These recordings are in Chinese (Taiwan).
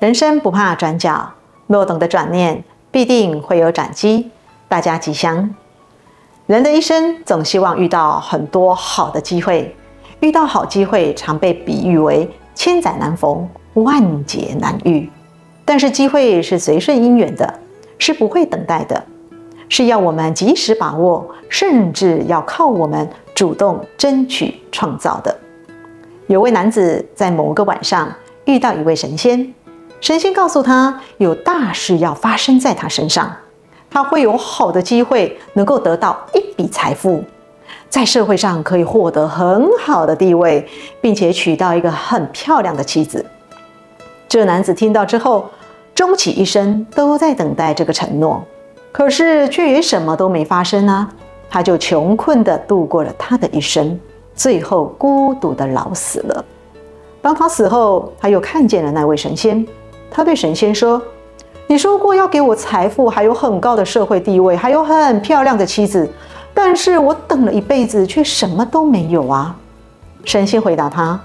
人生不怕轉角，若懂得轉念，必定會有轉機。大家吉祥。人的一生總希望遇到很多好的機會，遇到好機會常被比喻為千載難逢、萬劫難遇。但是機會是隨順因緣的，是不會等待的，是要我們及時把握，甚至要靠我們主動爭取創造的。有位男子在某個晚上遇到一位神仙。神仙告訴他，有大事要發生在他身上，他會有好的機會，能夠得到一筆財富，在社會上可以獲得很好的地位，並且娶到一個很漂亮的妻子。這男子聽到之後，終其一生都在等待這個承諾，可是卻也什麼都沒發生啊！他就窮困地度過了他的一生，最後孤獨地老死了。當他死後，他又看見了那位神仙。他對神仙說：“你說過要給我財富，還有很高的社會地位，還有很漂亮的妻子，但是我等了一輩子，卻什麼都沒有啊！”神仙回答他：“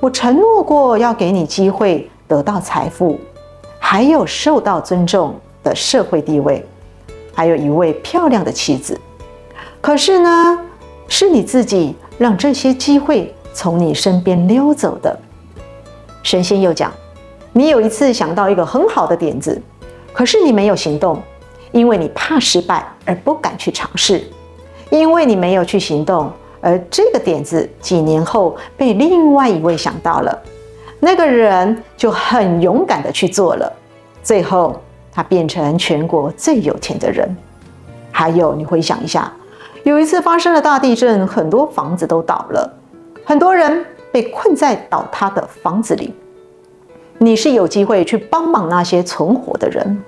我承諾過要給你機會得到財富，還有受到尊重的社會地位，還有一位漂亮的妻子。可是呢，是你自己讓這些機會從你身邊溜走的。”神仙又講。你有一次想到一個很好的點子，可是你沒有行動，因為你怕失敗而不敢去嘗試，因為你沒有去行動，而這個點子幾年後被另外一位想到了，那個人就很勇敢的去做了，最後他變成全國最有錢的人。還有，你回想一下，有一次發生了大地震，很多房子都倒了，很多人被困在倒塌的房子裡。你是有機會去幫忙那些存活的人，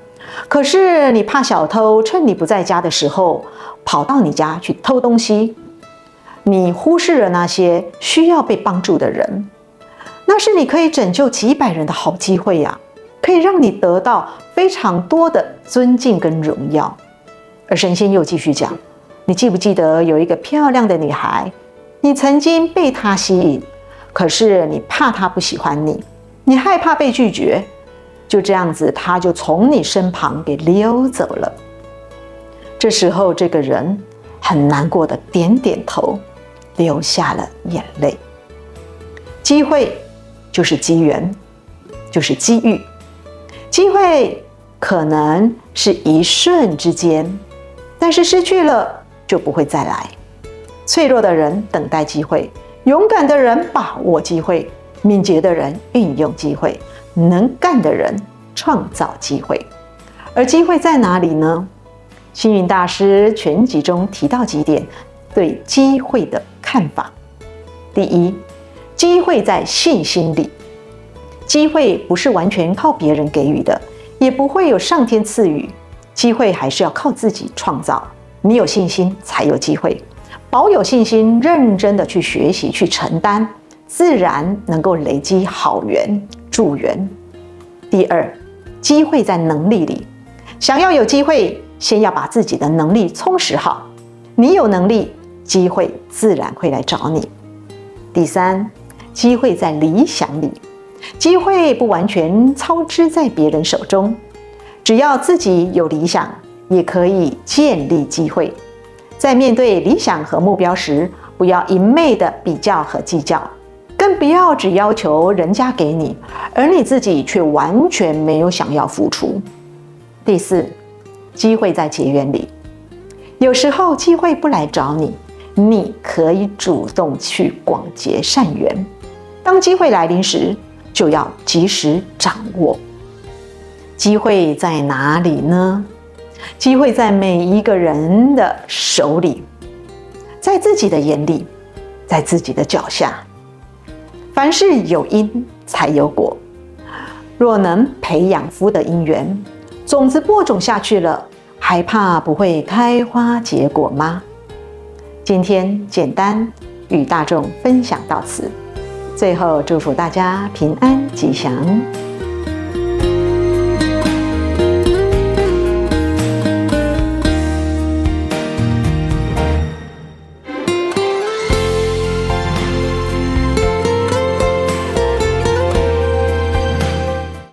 可是你怕小偷趁你不在家的時候跑到你家去偷東西，你忽視了那些需要被幫助的人，那是你可以拯救幾百人的好機會呀，可以讓你得到非常多的尊敬跟榮耀。而神仙又繼續講，你記不記得有一個漂亮的女孩，你曾經被她吸引，可是你怕她不喜歡你。你害怕被拒絕，就這樣子，他就從你身旁給溜走了。這時候，這個人很難過的點點頭，流下了眼淚。機會就是機緣，就是機遇。機會可能是一瞬之間，但是失去了就不會再來。脆弱的人等待機會，勇敢的人把握機會。敏捷的人運用機會，能幹的人創造機會，而機會在哪裡呢？星雲大師全集中提到幾點對機會的看法。第一，機會在信心裡。機會不是完全靠別人給予的，也不會有上天賜予，機會還是要靠自己創造。你有信心才有機會，保有信心，認真的去學習，去承擔。自然能夠累積好緣助緣。第二，機會在能力裡，想要有機會，先要把自己的能力充實好。你有能力，機會自然會來找你。第三，機會在理想裡，機會不完全操之在別人手中，只要自己有理想，也可以建立機會。在面對理想和目標時，不要一味的比較和計較。但不要只要求人家給你，而你自己卻完全沒有想要付出。第四，機會在結緣裡。有時候，機會不來找你，你可以主動去廣結善緣。當機會來臨時，就要及時掌握。機會在哪裡呢？機會在每一個人的手裡，在自己的眼裡，在自己的腳下。凡事有因才有果，若能培養福的因緣，種子播種下去了，還怕不會開花結果嗎？今天簡單與大眾分享到此，最後祝福大家平安吉祥。